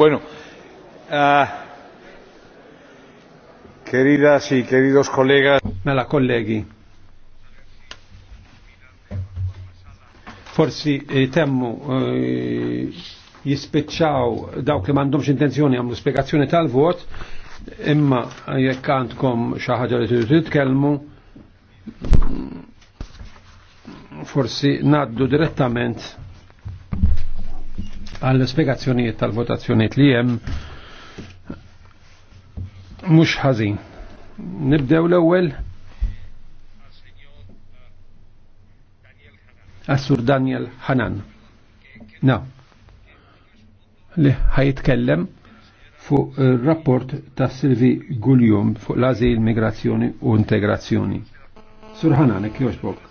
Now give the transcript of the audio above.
Bueno, uh, queridas y queridos colegas. Mela colleghi. Forsi eh, temmu eh, jispeċaw dawk li mandomx intenzjoni għamlu spiegazzjoni tal-vot, imma jekk għandkom xaħġa ħaġa li tridu titkellmu, forsi naddu direttament għall-spiegazzjonijiet tal-votazzjoniet li jem mux ħazin. Nibdew l-ewel Assur Daniel Hanan. Na, li ħajitkellem fuq il-rapport ta' Silvi Guljum fuq l-azil, migrazzjoni u integrazzjoni. Sur Hanan, ek